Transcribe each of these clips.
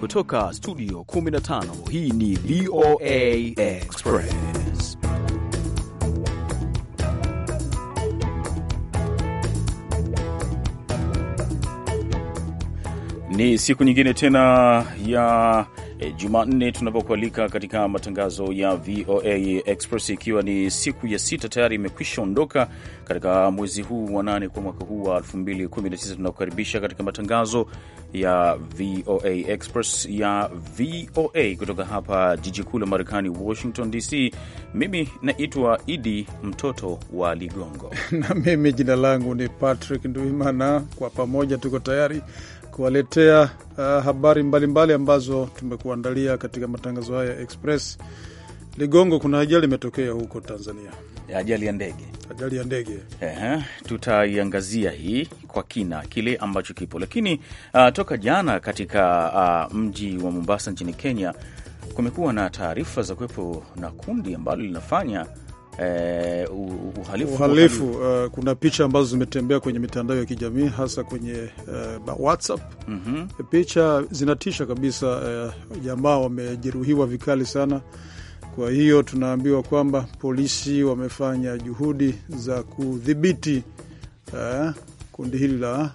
Kutoka studio 15 hii ni VOA Express. Ni siku nyingine tena ya e, Jumanne tunapokualika katika matangazo ya VOA Express, ikiwa ni siku ya sita tayari imekwisha ondoka katika mwezi huu wa nane kwa mwaka huu wa 2019. Tunakukaribisha katika matangazo ya VOA Express ya VOA kutoka hapa jiji kuu la Marekani, Washington DC. Mimi naitwa Idi mtoto wa Ligongo na mimi jina langu ni Patrick Nduimana. Kwa pamoja tuko tayari kuwaletea uh, habari mbalimbali mbali ambazo tumekuandalia katika matangazo haya ya Express. Ligongo, kuna ajali imetokea huko Tanzania, ajali ya ndege, ajali ya ndege. Ehe, tutaiangazia hii kwa kina kile ambacho kipo, lakini uh, toka jana katika uh, mji wa Mombasa nchini Kenya kumekuwa na taarifa za kuwepo na kundi ambalo linafanya eh, uhalifu, uhalifu. Uh, kuna picha ambazo zimetembea kwenye mitandao ya kijamii hasa kwenye uh, WhatsApp mm -hmm. Picha zinatisha kabisa. Eh, jamaa uh, wamejeruhiwa vikali sana. Kwa hiyo tunaambiwa kwamba polisi wamefanya juhudi za kudhibiti uh, kundi hili la,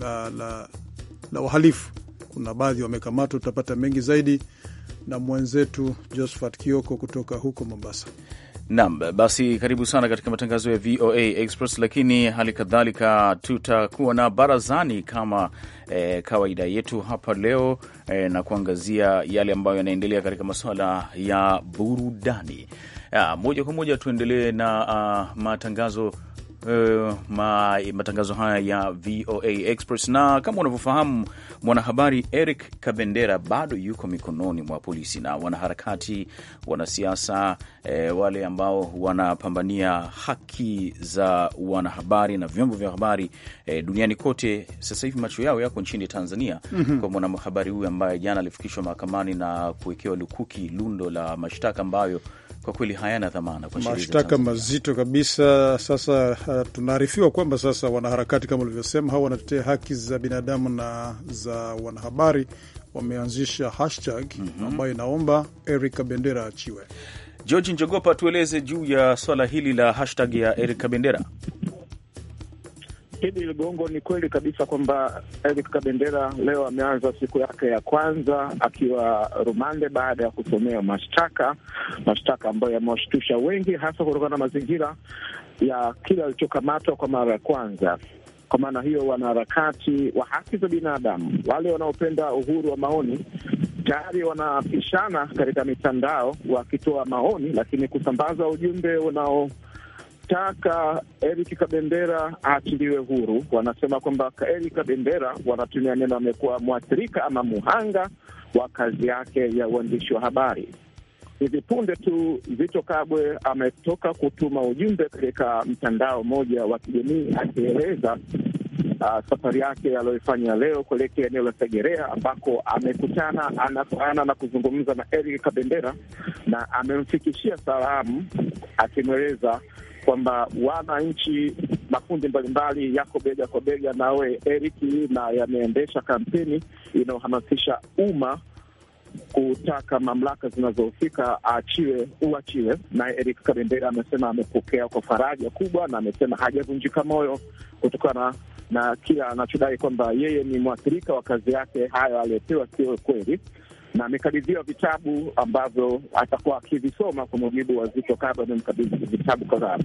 la, la, la uhalifu. Kuna baadhi wamekamatwa, tutapata mengi zaidi na mwenzetu Josephat Kioko kutoka huko Mombasa. Nam, basi karibu sana katika matangazo ya VOA Express, lakini hali kadhalika tutakuwa na barazani kama e, kawaida yetu hapa leo e, na kuangazia yale ambayo yanaendelea katika masuala ya burudani ya, ah, moja kwa moja tuendelee na uh, matangazo uh, eh, matangazo haya ya VOA Express, na kama unavyofahamu mwanahabari Eric Kabendera bado yuko mikononi mwa polisi na wanaharakati, wanasiasa, eh, wale ambao wanapambania haki za wanahabari na vyombo vya habari eh, duniani kote. Sasa hivi macho yao yako nchini Tanzania mm -hmm. kwa mwanahabari huyu ambaye jana alifikishwa mahakamani na kuwekewa lukuki lundo la mashtaka ambayo kwa kweli hayana dhamana kwa mashtaka mazito kabisa. Sasa Uh, tunaarifiwa kwamba sasa wanaharakati kama ulivyosema, hao wanatetea haki za binadamu na za wanahabari wameanzisha hashtag mm -hmm. ambayo inaomba Eric Kabendera achiwe. George Njogopa, tueleze juu ya swala hili la hashtag ya Eric Kabendera. hili Ligongo, ni kweli kabisa kwamba Eric Kabendera leo ameanza siku yake ya kwanza akiwa rumande baada ya kusomea mashtaka, mashtaka ambayo yamewashtusha wengi, hasa kutokana na mazingira ya kile alichokamatwa kwa mara ya kwanza. Kwa maana hiyo, wanaharakati wa haki za binadamu, wale wanaopenda uhuru wa maoni tayari wanapishana katika mitandao wakitoa maoni, lakini kusambaza ujumbe unao wanataka Eric Kabendera aachiliwe huru. Wanasema kwamba Eric Kabendera, wanatumia neno, amekuwa mwathirika ama muhanga wa kazi yake ya uandishi wa habari. Hivi punde tu Zito Kabwe ametoka kutuma ujumbe katika mtandao mmoja wa kijamii akieleza uh, safari yake aliyoifanya leo kuelekea eneo la Segerea ambako amekutana anaana na kuzungumza na Eric Kabendera na amemfikishia salamu akimweleza kwamba wananchi, makundi mbalimbali yako bega kwa bega nawe Eric, na yameendesha kampeni inayohamasisha umma kutaka mamlaka zinazohusika aachiwe, uachiwe. Naye Eric Kabendera amesema amepokea kwa faraja kubwa, na amesema hajavunjika moyo kutokana na kila anachodai kwamba yeye ni mwathirika wa kazi yake, hayo aliyopewa sio kweli na amekabidhiwa vitabu ambavyo atakuwa akivisoma kwa mujibu wa Zito Kabwe, amemkabidhi vitabu kadhaa.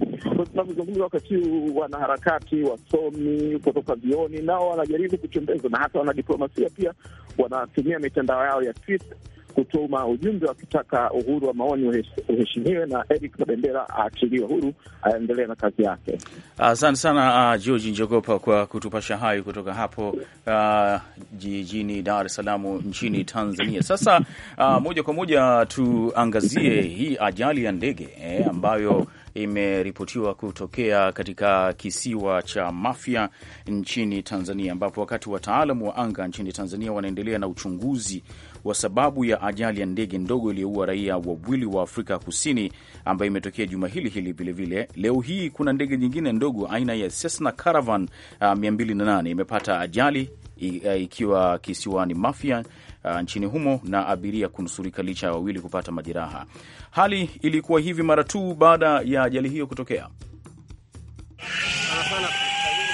Tunavyozungumza wakati huu, wanaharakati, wasomi kutoka vioni nao wanajaribu kuchembeza na hata wanadiplomasia pia wanatumia mitandao yao ya Twitter kutuma ujumbe wakitaka uhuru wa maoni uheshimiwe na Eric Kabendera aachiliwe huru aendelee na kazi yake. Asante uh, sana uh, George Njogopa kwa kutupasha hayo kutoka hapo uh, jijini Dar es Salaam nchini Tanzania. Sasa uh, moja kwa moja tuangazie hii ajali ya ndege eh, ambayo imeripotiwa kutokea katika kisiwa cha Mafia nchini Tanzania, ambapo wakati wataalamu wa anga nchini Tanzania wanaendelea na uchunguzi wa sababu ya ajali ya ndege ndogo iliyoua raia wawili wa Afrika Kusini ambayo imetokea juma hili hili. Vilevile leo hii kuna ndege nyingine ndogo aina ya Cessna Caravan uh, ah, 208 imepata ajali Eh, ikiwa kisiwani Mafia uh, nchini humo na abiria kunusurika licha ya wawili kupata majeraha. Hali ilikuwa hivi mara tu baada ya ajali hiyo kutokea.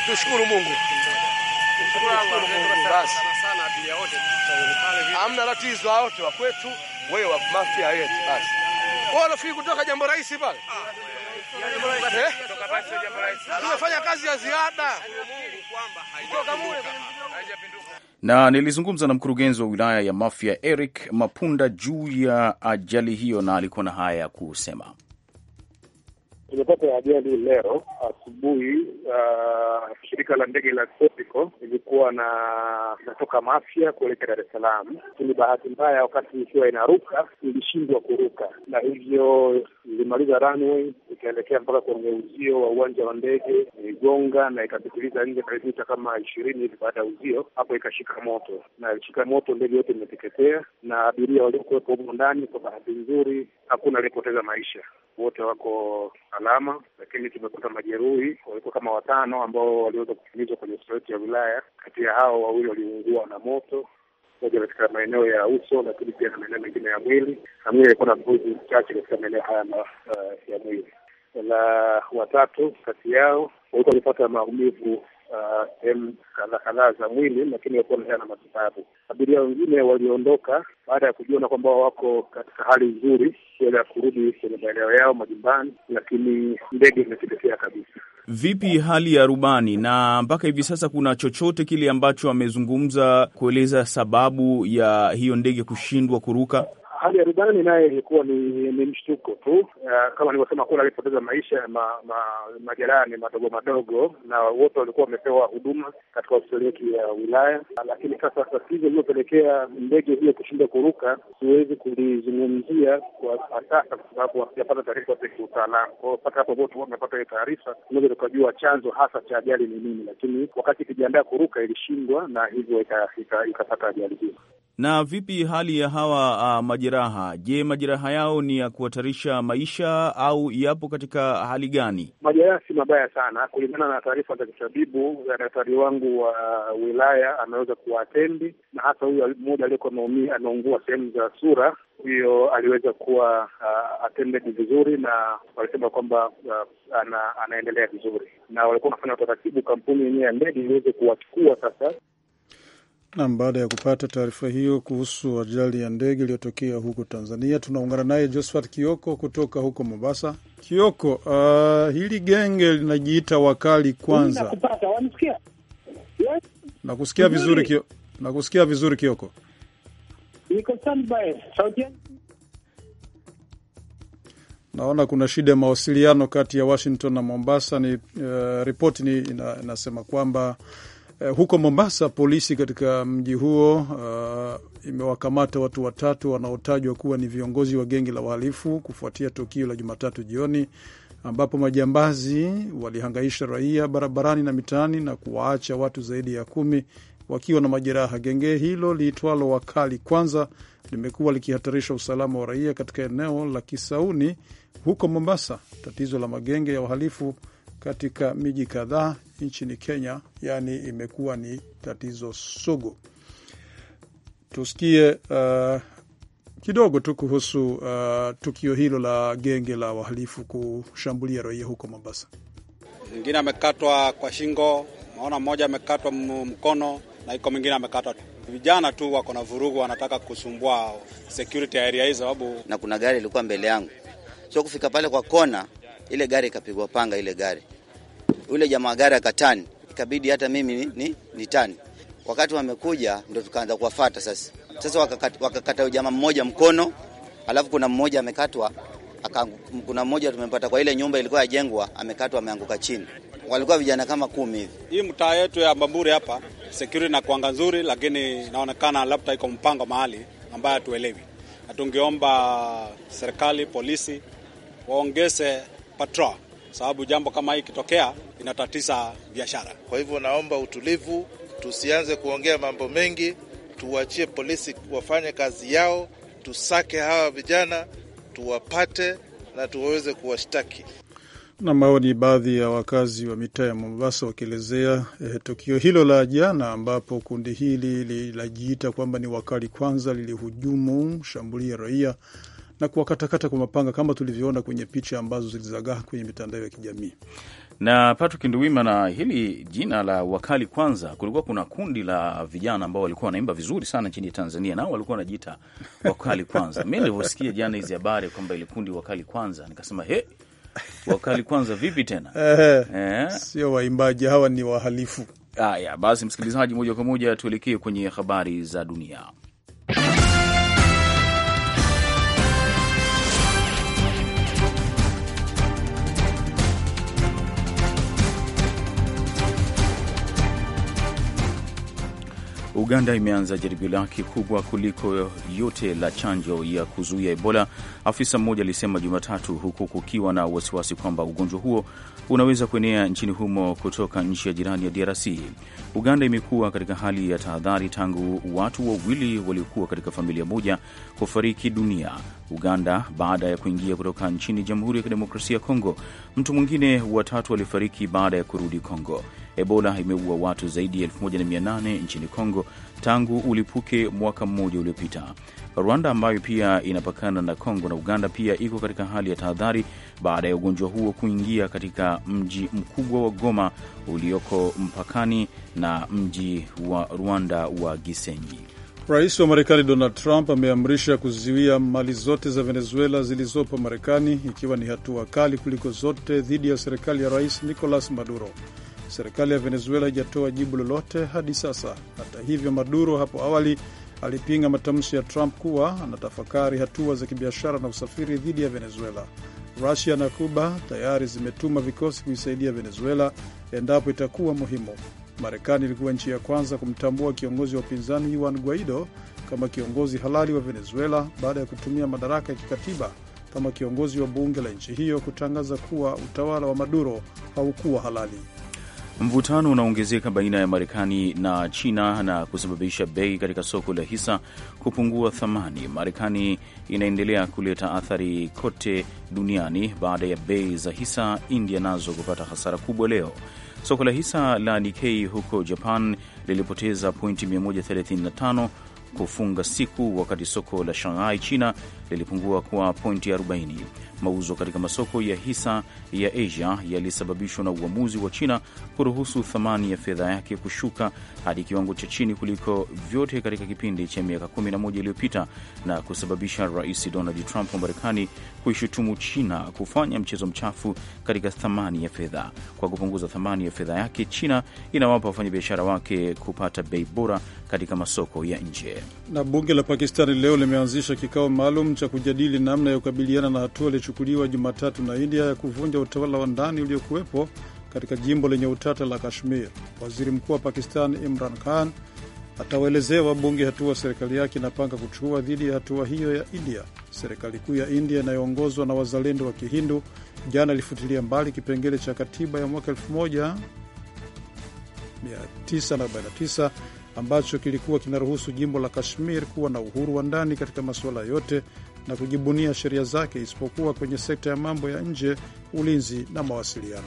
Tushukuru Mungu, hamna tatizo, wote wa kwetu, wewe wa Mafia yetu, basi kutoka jambo rahisi pale tumefanya kazi ya ziada na nilizungumza na mkurugenzi wa wilaya ya Mafia Eric Mapunda juu ya ajali hiyo, na alikuwa na haya ya kusema. Tumepata ajali leo asubuhi. Uh, shirika la ndege la Serco ilikuwa na inatoka Mafia kuelekea Dar es Salaam, lakini bahati mbaya, wakati ikiwa inaruka ilishindwa kuruka, na hivyo ilimaliza runway ikaelekea mpaka kwenye uzio wa uwanja wa ndege, igonga na ikapitiliza nje karibu mita kama ishirini hivi baada ya uzio, hapo ikashika moto, na ilishika moto, ndege yote imeteketea, na abiria waliokuwepo humo ndani, kwa bahati nzuri, hakuna aliyepoteza maisha, wote wako salama, lakini tumekuta majeruhi walikuwa kama watano ambao waliweza kukimbizwa kwenye hospitali ya wilaya. Kati ya hao wawili waliungua na moto, moja katika maeneo ya uso, lakini pia na maeneo mengine ya mwili, na mwili alikuwa na mbuzi chache katika maeneo haya eh, ya mwili. La watatu kati yao walikuwa walipata maumivu sehemu uh, kadhaa kadhaa za mwili, lakini walikuwa na matibabu. Abiria wengine waliondoka baada ya kujiona kwamba wako katika hali nzuri kuweza kurudi kwenye maeneo yao majumbani, lakini ndege imeteketea kabisa. Vipi hali ya rubani? Na mpaka hivi sasa kuna chochote kile ambacho amezungumza kueleza sababu ya hiyo ndege kushindwa kuruka? hali ya Rubani naye ilikuwa ni, ni mshtuko tu uh, kama nilivyosema kuna alipoteza maisha ma, ma, majerani madogo madogo, na wote walikuwa wamepewa huduma katika hospitali ya wilaya. Lakini sasa tatizo iliyopelekea ndege hiyo kushindwa kuruka siwezi kulizungumzia kwa sasa, kwa sababu hatujapata taarifa za kiutaalamu. Kwa hiyo mpaka hapo wote wamepata hiyo taarifa, tunaweza tukajua chanzo hasa cha ajali ni nini, lakini wakati ikijiandaa kuruka ilishindwa, na hivyo ikapata ajali hiyo. Na vipi hali ya hawa uh, majeraha? Je, majeraha yao ni ya kuhatarisha maisha au yapo katika hali gani? Majeraha si mabaya sana, kulingana na taarifa za kitabibu. Daktari wangu wa uh, wilaya ameweza kuwatendi, na hasa huyo mmoja aliyekuwa ameumia ameungua sehemu za sura, huyo aliweza kuwa uh, attended vizuri, na walisema kwamba uh, ana, anaendelea vizuri, na walikuwa wanafanya utaratibu, kampuni yenyewe ya ndege iliweze kuwachukua sasa Nam, baada ya kupata taarifa hiyo kuhusu ajali ya ndege iliyotokea huko Tanzania, tunaungana naye Josphat Kioko kutoka huko Mombasa. Kioko, uh, hili genge linajiita wakali kwanza. Nakusikia vizuri Kio, nakusikia vizuri Kioko. Naona kuna shida ya mawasiliano kati ya Washington na Mombasa. Ni uh, ripoti ni ina, inasema kwamba Eh, huko Mombasa, polisi katika mji huo uh, imewakamata watu watatu wanaotajwa kuwa ni viongozi wa genge la wahalifu kufuatia tukio la Jumatatu jioni ambapo majambazi walihangaisha raia barabarani na mitaani na kuwaacha watu zaidi ya kumi wakiwa na majeraha. Genge hilo liitwalo Wakali Kwanza limekuwa likihatarisha usalama wa raia katika eneo la Kisauni huko Mombasa. Tatizo la magenge ya wahalifu katika miji kadhaa nchini Kenya, yaani imekuwa ni tatizo sugu. Tusikie uh, kidogo tu kuhusu uh, tukio hilo la genge la wahalifu kushambulia raia huko Mombasa. Mwingine amekatwa kwa shingo, naona mmoja amekatwa mkono na iko mwingine amekatwa vijana tu wako na vurugu, wanataka kusumbua security area hii sababu, na kuna gari lilikuwa mbele yangu, sio kufika pale kwa kona ile gari ikapigwa panga, ile gari ule jamaa gari akatani, ikabidi hata mimi ni, ni, ni tani. Wakati wamekuja ndo tukaanza kuwafata sasa. Sasa wakakata, wakakata jamaa mmoja mkono, alafu kuna mmoja amekatwa aka, kuna mmoja tumempata kwa ile nyumba ilikuwa yajengwa, amekatwa ameanguka chini. Walikuwa vijana kama kumi hivi. Hii mtaa yetu ya bamburi hapa security na kuanga nzuri, lakini inaonekana labda iko mpango mahali ambayo hatuelewi, na tungeomba serikali polisi waongeze patrol, sababu jambo kama hii ikitokea inatatiza biashara. Kwa hivyo naomba utulivu, tusianze kuongea mambo mengi, tuwachie polisi wafanye kazi yao, tusake hawa vijana tuwapate na tuweze kuwashtaki. Na hao ni baadhi ya wakazi wa mitaa ya Mombasa wakielezea eh, tukio hilo la jana, ambapo kundi hili lilajiita kwamba ni wakali kwanza lilihujumu shambulia raia na kuwakatakata kwa mapanga kama tulivyoona kwenye picha ambazo zilizagaa kwenye mitandao ya kijamii. Na Patrick Nduwima na hili jina la wakali kwanza, kulikuwa kuna kundi la vijana ambao walikuwa wanaimba vizuri sana nchini Tanzania, nao walikuwa wanajiita wakali kwanza. Mi nilivyosikia jana hizi habari kwamba ili kundi wakali kwanza, nikasema he wakali kwanza vipi tena? Eh, eh, sio waimbaji hawa, ni wahalifu. Haya basi, msikilizaji, moja kwa moja tuelekee kwenye habari za dunia. Uganda imeanza jaribio lake kubwa kuliko yote la chanjo ya kuzuia Ebola, afisa mmoja alisema Jumatatu, huku kukiwa na wasiwasi kwamba ugonjwa huo unaweza kuenea nchini humo kutoka nchi ya jirani ya DRC. Uganda imekuwa katika hali ya tahadhari tangu watu wawili waliokuwa katika familia moja kufariki dunia Uganda baada ya kuingia kutoka nchini Jamhuri ya Kidemokrasia ya Kongo. Mtu mwingine watatu alifariki baada ya kurudi Kongo. Ebola imeua watu zaidi ya 1800 nchini Kongo tangu ulipuke mwaka mmoja uliopita. Rwanda ambayo pia inapakana na Kongo na Uganda pia iko katika hali ya tahadhari baada ya ugonjwa huo kuingia katika mji mkubwa wa Goma ulioko mpakani na mji wa Rwanda wa Gisenyi. Rais wa Marekani Donald Trump ameamrisha kuzuia mali zote za Venezuela zilizopo Marekani, ikiwa ni hatua kali kuliko zote dhidi ya serikali ya Rais Nicolas Maduro. Serikali ya Venezuela haijatoa jibu lolote hadi sasa. Hata hivyo, Maduro hapo awali alipinga matamshi ya Trump kuwa anatafakari hatua za kibiashara na usafiri dhidi ya Venezuela. Rusia na kuba tayari zimetuma vikosi kuisaidia Venezuela endapo itakuwa muhimu. Marekani ilikuwa nchi ya kwanza kumtambua kiongozi wa upinzani Juan Guaido kama kiongozi halali wa Venezuela baada ya kutumia madaraka ya kikatiba kama kiongozi wa bunge la nchi hiyo kutangaza kuwa utawala wa Maduro haukuwa halali. Mvutano unaongezeka baina ya Marekani na China na kusababisha bei katika soko la hisa kupungua thamani. Marekani inaendelea kuleta athari kote duniani baada ya bei za hisa India nazo kupata hasara kubwa leo. Soko la hisa la Nikkei huko Japan lilipoteza pointi 135 kufunga siku, wakati soko la Shanghai China lilipungua kwa pointi 40. Mauzo katika masoko ya hisa ya Asia yalisababishwa na uamuzi wa China kuruhusu thamani ya fedha yake kushuka hadi kiwango cha chini kuliko vyote katika kipindi cha miaka 11 iliyopita na kusababisha Rais Donald Trump wa Marekani kuishutumu China kufanya mchezo mchafu katika thamani ya fedha. Kwa kupunguza thamani ya fedha yake, China inawapa wafanyabiashara wake kupata bei bora katika masoko ya nje. Na bunge la Pakistani leo limeanzisha kikao maalum cha kujadili namna ya kukabiliana na hatua iliyochukuliwa Jumatatu na India ya kuvunja utawala wa ndani uliokuwepo katika jimbo lenye utata la Kashmir. Waziri mkuu wa Pakistan Imran Khan atawaelezea wabunge hatua serikali yake inapanga kuchukua dhidi ya hatua hiyo ya India. Serikali kuu ya India inayoongozwa na wazalendo wa Kihindu jana ilifutilia mbali kipengele cha katiba ya mwaka 1949 ambacho kilikuwa kinaruhusu jimbo la Kashmir kuwa na uhuru wa ndani katika masuala yote na kujibunia sheria zake isipokuwa kwenye sekta ya mambo ya nje, ulinzi na mawasiliano.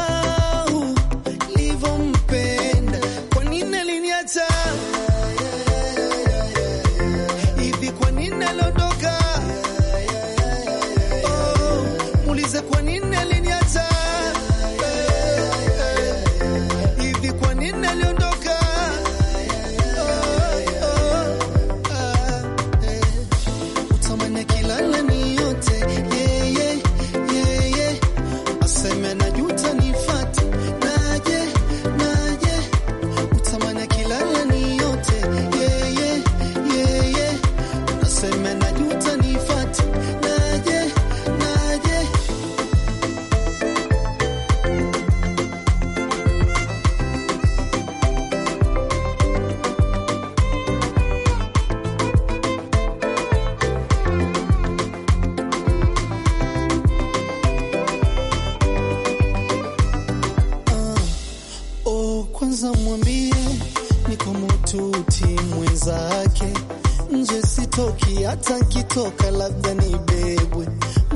hata kitoka labda nibebwe,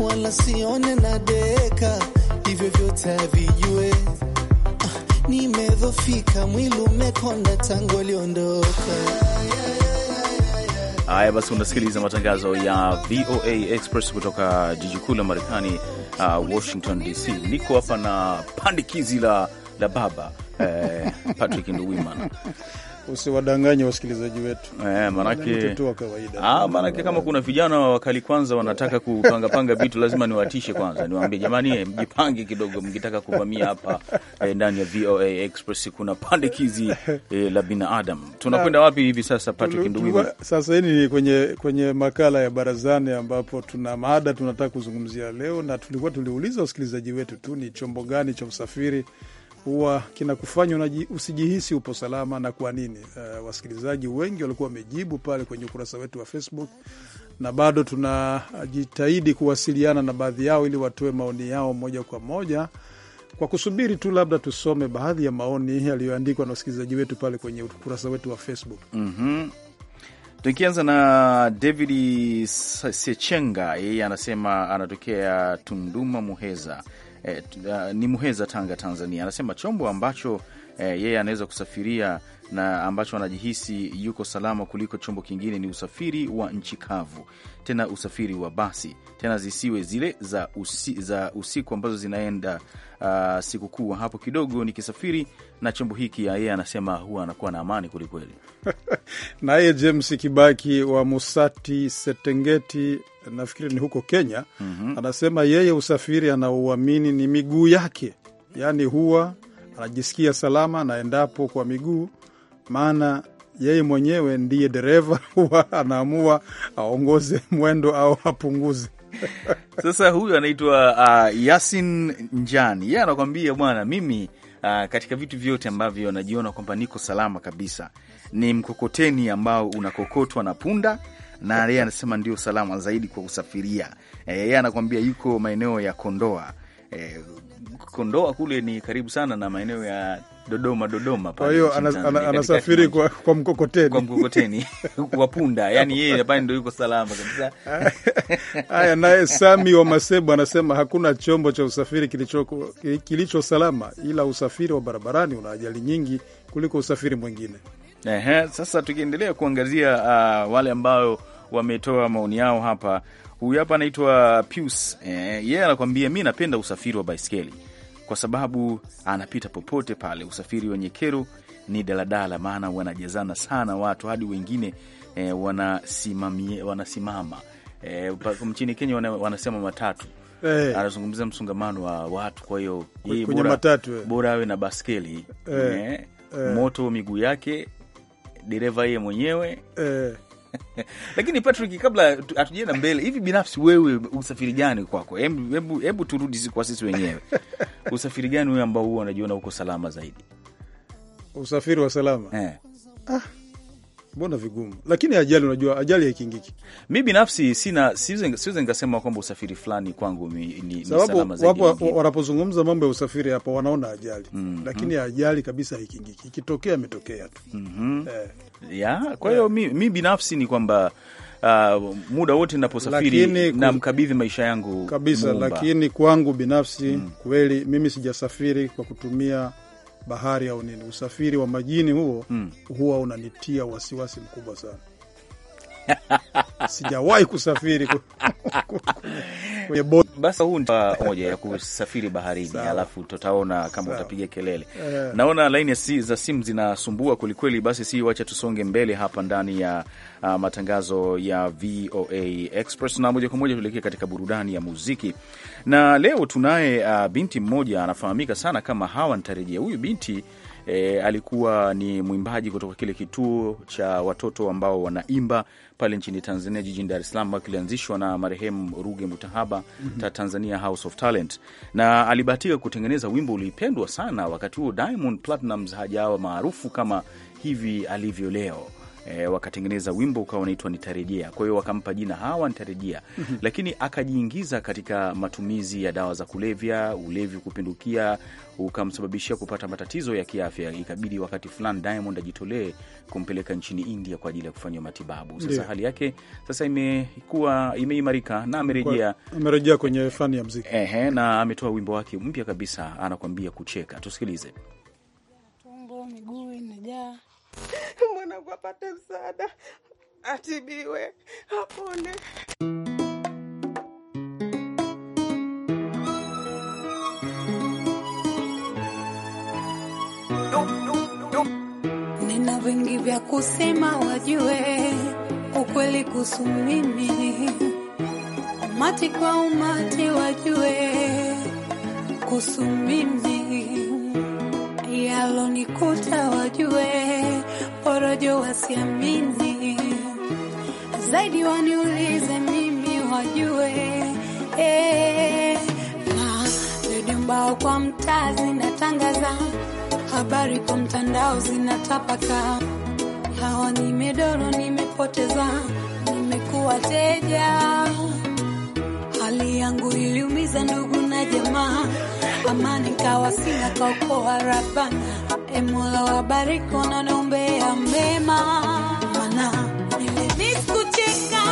wala sione na deka, hivyo vyote havijue. Ah, nimedhofika, mwili umekonda tangu aliondoka. Haya basi, unasikiliza matangazo ya VOA Express kutoka jiji kuu la Marekani, uh, Washington DC. Niko hapa na pandikizi la, la baba eh, Patrick Nduwimana Usiwadanganye wasikilizaji wetu eh, manake ah, manake kama kuna vijana wakali kwanza wanataka kupangapanga vitu, lazima niwatishe kwanza, niwaambie jamani, eh, mjipange kidogo, mkitaka kuvamia hapa eh, ndani ya VOA Express kuna pandikizi eh, la binadamu. Tunakwenda wapi hivi sasa, Patrick Ndugu? Sasa hii ni kwenye, kwenye makala ya barazani ambapo tuna mada tunataka kuzungumzia leo, na tulikuwa tuliuliza wasikilizaji wetu tu ni chombo gani cha usafiri huwa kinakufanya usijihisi upo salama na kwa nini. Uh, wasikilizaji wengi walikuwa wamejibu pale kwenye ukurasa wetu wa Facebook, na bado tunajitahidi kuwasiliana na baadhi yao ili watoe maoni yao moja kwa moja, kwa kusubiri tu labda tusome baadhi ya maoni yaliyoandikwa na wasikilizaji wetu pale kwenye ukurasa wetu wa Facebook. mm -hmm. Tukianza na David Sechenga, yeye anasema anatokea Tunduma, Muheza eh, ah, ni Muheza, Tanga, Tanzania, anasema chombo ambacho eh, yeye anaweza kusafiria na ambacho anajihisi yuko salama kuliko chombo kingine ni usafiri wa nchi kavu, tena usafiri wa basi, tena zisiwe zile za, usi, za usiku ambazo zinaenda uh, sikukuu hapo kidogo. Nikisafiri na chombo hiki, ah, yeye anasema huwa anakuwa na amani kwelikweli. Naye James Kibaki wa Musati Setengeti, nafikiri ni huko Kenya, mm -hmm. anasema yeye usafiri anaouamini ni miguu yake, yaani huwa anajisikia salama na endapo kwa miguu maana yeye mwenyewe ndiye dereva huwa anaamua aongoze mwendo au apunguze. Sasa huyu anaitwa uh, Yasin Njani, yeye anakwambia bwana, mimi uh, katika vitu vyote ambavyo najiona kwamba niko salama kabisa ni mkokoteni ambao unakokotwa na punda na yeye anasema ndio salama zaidi kwa kusafiria. Eh, yeye anakwambia yuko maeneo ya Kondoa E, Kondoa kule ni karibu sana na maeneo ya Dodoma, Dodoma. Kwa hiyo anasafiri kwa, kwa mkokoteni, kwa mkokoteni wa punda, yani yeye hapa ndio yuko salama kabisa. Haya, naye Sami wa Masebo anasema hakuna chombo cha usafiri kilicho, kilicho salama, ila usafiri wa barabarani una ajali nyingi kuliko usafiri mwingine. Ehe, sasa tukiendelea kuangazia uh, wale ambao wametoa maoni yao hapa, huyu hapa anaitwa Pius eh, yeye yeah, mi napenda usafiri wa baiskeli kwa sababu anapita popote pale. Usafiri wenye kero ni daladala, maana wanajazana sana watu hadi wengine e, wanasimama e, eh, mchini Kenya wanasema matatu Hey. Eh. Anazungumzia msongamano wa watu, kwa hiyo bora, bora awe na baskeli hey. Hey. Hey. Moto miguu yake, dereva yeye mwenyewe hey. Lakini Patrick, kabla hatujaenda mbele hivi, binafsi wewe usafiri gani kwako? Hebu turudi kwa sisi wenyewe usafiri gani huyo ambao huo anajiona huko salama zaidi? Usafiri wa salama eh. Ah, mbona vigumu, lakini ajali, unajua ajali haikingiki. Mi binafsi sina, siwezi nikasema kwamba usafiri fulani kwangu ni, ni salama zaidi. Wapo wanapozungumza mambo ya usafiri hapa wanaona ajali mm -hmm. Lakini ajali kabisa haikingiki, ikitokea ametokea tu mm -hmm. eh. ya kwa hiyo yeah. Mi, mi binafsi ni kwamba uh, muda wote naposafiri na mkabidhi maisha yangu kabisa mumba. Lakini kwangu binafsi mm. kweli mimi sijasafiri kwa kutumia bahari au nini, usafiri wa majini huo mm. huwa unanitia wasiwasi mkubwa sana sijawahi kusafiri kwenye basi huu ni moja ya kusafiri baharini, alafu tutaona kama utapiga kelele. Eh. Naona laini si, za simu zinasumbua kwelikweli. Basi si wacha tusonge mbele hapa ndani ya uh, matangazo ya VOA Express, na moja kwa moja tuelekee katika burudani ya muziki, na leo tunaye uh, binti mmoja anafahamika sana kama Hawa Ntarejea. Huyu binti E, alikuwa ni mwimbaji kutoka kile kituo cha watoto ambao wanaimba pale nchini Tanzania jijini Dar es Salaam, kilianzishwa na marehemu Ruge Mutahaba mm -hmm. ta Tanzania House of Talent, na alibahatika kutengeneza wimbo ulipendwa sana wakati huo. Diamond Platnumz hajawa maarufu kama hivi alivyo leo e, wakatengeneza wimbo ukawa unaitwa Nitarejea. Kwa hiyo wakampa jina Hawa Nitarejea, mhm. lakini akajiingiza katika matumizi ya dawa za kulevya, ulevi kupindukia ukamsababishia kupata matatizo ya kiafya. Ikabidi wakati fulani Diamond ajitolee kumpeleka nchini India kwa ajili ya kufanyiwa matibabu. Sasa hali yake sasa imekuwa imeimarika na amerejea, amerejea kwenye fani ya muziki ehe, na ametoa wimbo wake mpya kabisa, anakuambia kucheka. Tusikilize. Tumbo miguu inajaa mwanangu apate msaada, atibiwe, apone. Nina vingi vya kusema, wajue ukweli kuhusu mimi, umati kwa umati wajue kuhusu mimi, yalonikuta wajue porojo wasiamini zaidi, waniulize mimi wajue eh, na redio mbao kwa mtaa zinatangaza habari, kwa mtandao zinatapaka. Hawa nimedoro, nimepoteza, nimekuwa teja, hali yangu iliumiza ndugu na jamaa amani kawa sina kaokoa rabani e Mola wabariki wanaombea mema, mana nilikucheka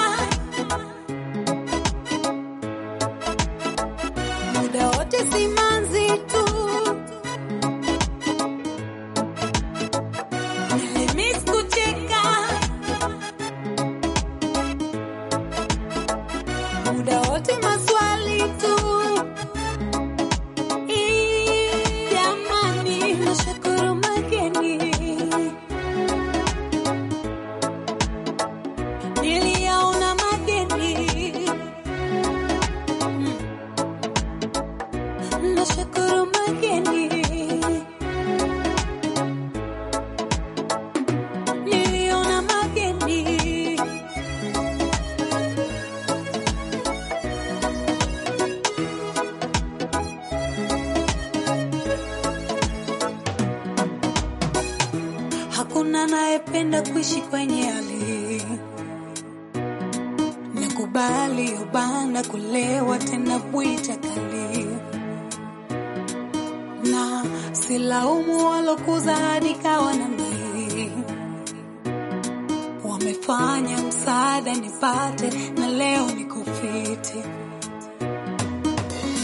anayependa kuishi kwenye hali na kubali ubana kulewa tena kuita kali na silaumu walokuza hadi kawa na mii wamefanya msaada nipate na leo nikufiti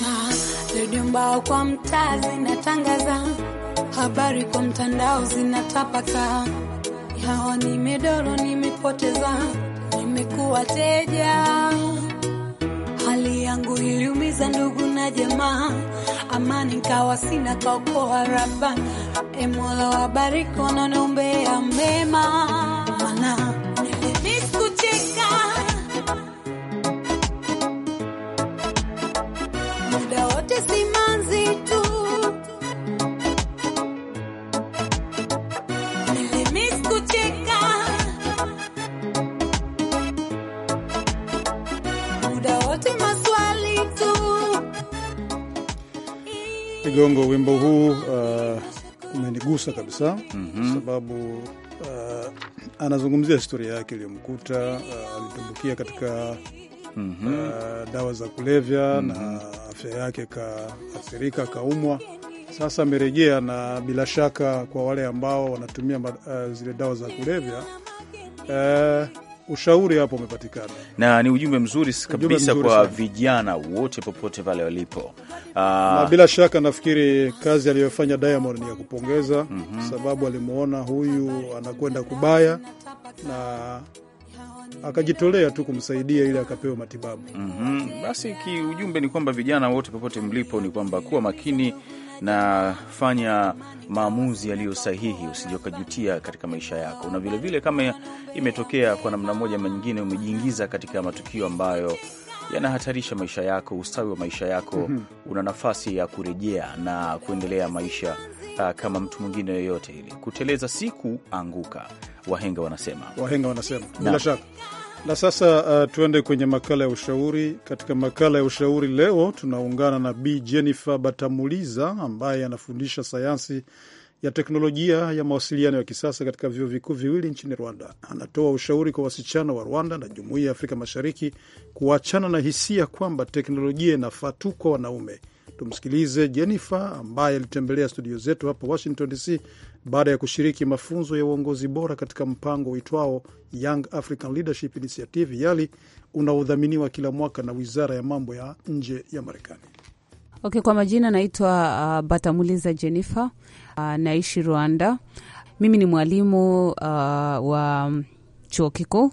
na redio mbao kwa mtazi natangaza habari kwa mtandao zinatapaka Hawa nimedoro, nimepoteza, nimekuwa teja. Hali yangu iliumiza ndugu na jamaa, amani kawa sina kaokoa raba. emola Mola wabariki mema imenigusa kabisa mm -hmm. Sababu uh, anazungumzia historia yake iliyomkuta uh, alitumbukia katika mm -hmm. uh, dawa za kulevya mm -hmm. na afya yake kaathirika, kaumwa Sasa amerejea, na bila shaka kwa wale ambao wanatumia uh, zile dawa za kulevya uh, ushauri hapo umepatikana, na ni ujumbe mzuri kabisa kwa sana, vijana wote popote pale walipo. Na ah, bila shaka nafikiri kazi aliyofanya Diamond ni ya kupongeza mm -hmm. Sababu alimwona huyu anakwenda kubaya na akajitolea tu kumsaidia ili akapewa matibabu mm -hmm. Basi kiujumbe ni kwamba vijana wote popote mlipo, ni kwamba kuwa makini na fanya maamuzi yaliyo sahihi, usije ukajutia katika maisha yako. Na vilevile, kama imetokea kwa namna moja ama nyingine umejiingiza katika matukio ambayo yanahatarisha maisha yako, ustawi wa maisha yako, mm -hmm. una nafasi ya kurejea na kuendelea maisha uh, kama mtu mwingine yoyote ili Kuteleza si kuanguka, wahenga wanasema, wahenga wanasema bila shaka. Na sasa uh, tuende kwenye makala ya ushauri. Katika makala ya ushauri leo tunaungana na Bi Jennifer Batamuliza ambaye anafundisha sayansi ya teknolojia ya mawasiliano ya kisasa katika vyuo vikuu viwili nchini Rwanda. Anatoa ushauri kwa wasichana wa Rwanda na jumuiya ya Afrika Mashariki kuachana na hisia kwamba teknolojia inafaa tu kwa wanaume tumsikilize Jennifer ambaye alitembelea studio zetu hapa Washington DC baada ya kushiriki mafunzo ya uongozi bora katika mpango uitwao Young African Leadership Initiative, YALI, unaodhaminiwa kila mwaka na wizara ya mambo ya nje ya Marekani. Okay, kwa majina naitwa uh, Batamuliza Jennifer. Uh, naishi Rwanda. Mimi ni mwalimu uh, wa chuo kikuu,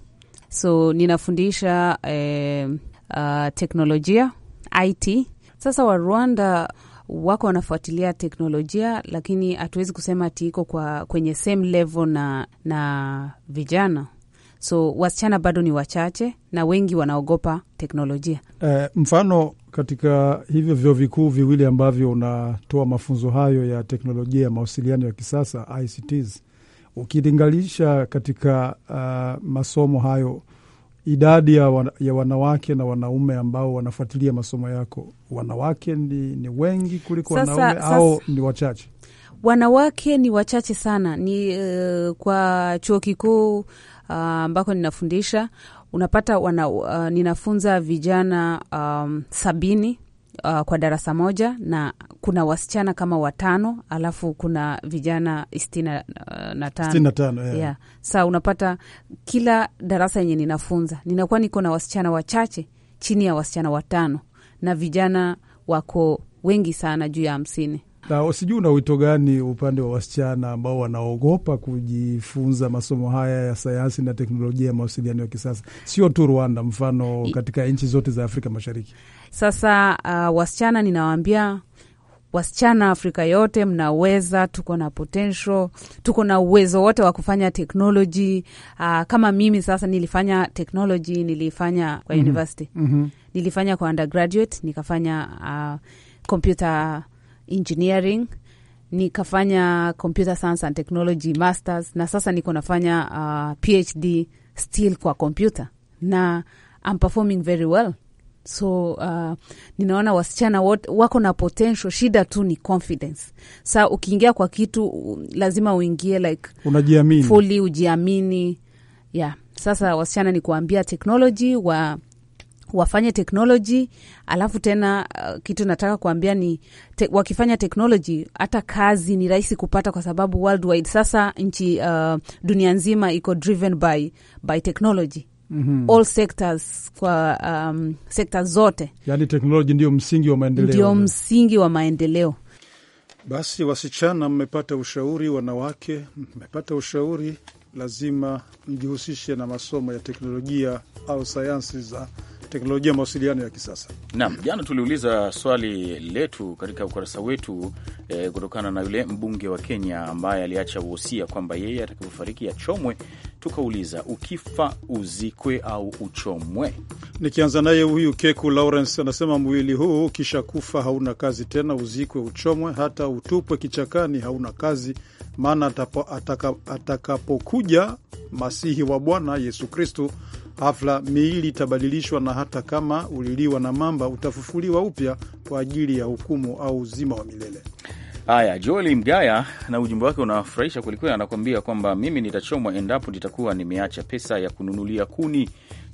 so ninafundisha eh, uh, teknolojia IT sasa wa Rwanda wako wanafuatilia teknolojia, lakini hatuwezi kusema ati iko kwa kwenye same level na, na vijana so wasichana bado ni wachache na wengi wanaogopa teknolojia. Eh, mfano katika hivyo vyuo vikuu viwili ambavyo unatoa mafunzo hayo ya teknolojia ya mawasiliano ya kisasa ICTs, ukilinganisha katika uh, masomo hayo idadi ya, wan, ya wanawake na wanaume ambao wanafuatilia masomo yako, wanawake ni, ni wengi kuliko sasa, wanaume sasa, au ni wachache? Wanawake ni wachache sana. Ni uh, kwa chuo kikuu ah, ambako uh, ninafundisha unapata wana, uh, ninafunza vijana um, sabini uh, kwa darasa moja na kuna wasichana kama watano alafu kuna vijana sitini na uh, tano yeah. yeah. Saa unapata kila darasa yenye ninafunza ninakuwa niko na wasichana wachache chini ya wasichana watano na vijana wako wengi sana juu ya hamsini. Na sijui una wito gani upande wa wasichana ambao wanaogopa kujifunza masomo haya ya sayansi na teknolojia ya mawasiliano ya kisasa, sio tu Rwanda, mfano katika nchi zote za Afrika Mashariki? Sasa uh, wasichana ninawaambia wasichana Afrika yote mnaweza, tuko na potential, tuko na uwezo wote wa kufanya teknoloji. Uh, ah, kama mimi sasa nilifanya teknoloji, nilifanya kwa mm -hmm. university mm -hmm. nilifanya kwa undergraduate, nikafanya uh, computer engineering nikafanya computer science and technology masters, na sasa niko nafanya uh, ah, PhD still kwa computer na I'm performing very well so uh, ninaona wasichana wako na potential, shida tu ni confidence. Sa ukiingia kwa kitu lazima uingie like unajiamini fully, ujiamini yeah. Sasa wasichana ni kuambia teknoloji wa wafanye teknoloji, alafu tena uh, kitu nataka kuambia ni te, wakifanya teknoloji hata kazi ni rahisi kupata, kwa sababu worldwide sasa nchi uh, dunia nzima iko driven by, by technology Mm -hmm. All sectors kwa um, sekta zote, yani teknoloji ndio msingi wa maendeleo, ndio msingi wa maendeleo. Basi wasichana, mmepata ushauri, wanawake mmepata ushauri, lazima mjihusishe na masomo ya teknolojia au sayansi za teknolojia mawasiliano ya kisasa. Naam, jana tuliuliza swali letu katika ukurasa wetu e, kutokana na yule mbunge wa Kenya ambaye aliacha wosia kwamba yeye atakapofariki achomwe. Tukauliza, ukifa uzikwe au uchomwe? Nikianza naye huyu Keku Lawrence anasema mwili huu kisha kufa hauna kazi tena, uzikwe, uchomwe, hata utupwe kichakani, hauna kazi maana atakapokuja ataka Masihi wa Bwana Yesu Kristu Hafla miili itabadilishwa na hata kama uliliwa na mamba utafufuliwa upya kwa ajili ya hukumu au uzima wa milele. Haya, Joel Mgaya na ujumbe wake unafurahisha kwelikweli. Anakuambia kwamba mimi nitachomwa endapo nitakuwa nimeacha pesa ya kununulia kuni.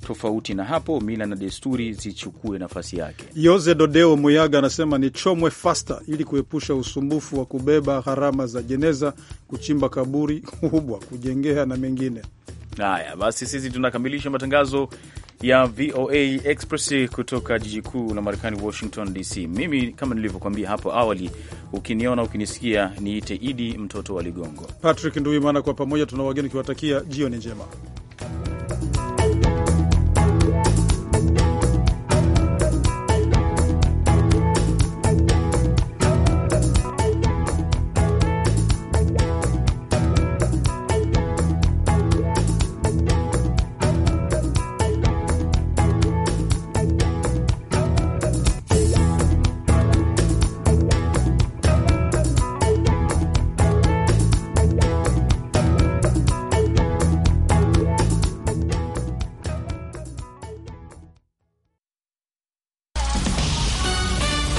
Tofauti na hapo, mila na desturi zichukue nafasi yake. yose Dodeo Muyaga anasema nichomwe fasta ili kuepusha usumbufu wa kubeba gharama za jeneza, kuchimba kaburi kubwa, kujengea na mengine. Haya basi, sisi tunakamilisha matangazo ya VOA Express kutoka jiji kuu la Marekani, Washington DC. Mimi kama nilivyokuambia hapo awali, ukiniona ukinisikia, niite Idi mtoto wa Ligongo, Patrick Nduimana. Kwa pamoja tuna wageni kiwatakia jioni njema.